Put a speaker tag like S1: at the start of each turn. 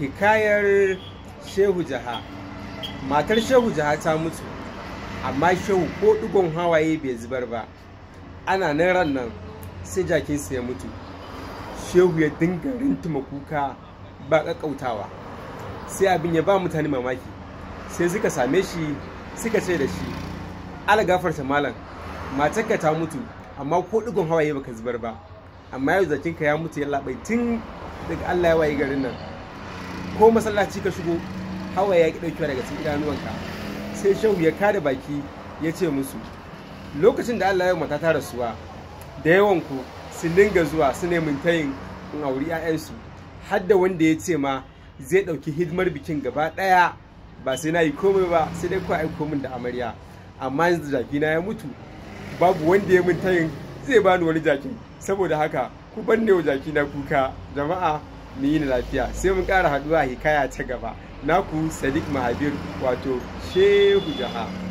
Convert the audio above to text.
S1: hikayar shehu jaha matar shehu jaha ta mutu amma shehu ko ɗigon hawaye bai zubar ba ana nan ran nan sai jakinsa ya mutu shehu ya dinga rintuma kuka ba ƙaƙƙautawa sai abin ya ba mutane mamaki sai suka same shi suka ce da shi algafarta malam matarka ta mutu amma ko ɗigon hawaye baka zubar ba amma yau zakinka ya mutu ya labai tun daga allah ya waye garin nan ko masallaci ka shigo hawa ya ki ɗaukewa daga cikin idanuwanka sai shehu ya kada baki ya ce musu lokacin da Allah ya mata ta rasuwa da yawan ku su dinga zuwa su nemin tayin in auri 'ya'yansu har da wanda ya ce ma zai ɗauki hidimar bikin gaba ɗaya ba sai na yi komai ba sai dai ku aiko min da amarya amma yanzu jakina ya mutu babu wanda ya min tayin zai bani wani jaki saboda haka ku banne wa jaki na kuka jama'a mu yi lafiya sai mun ƙara haɗuwa hikaya ta gaba naku sadiq mahabir wato shehu
S2: jaha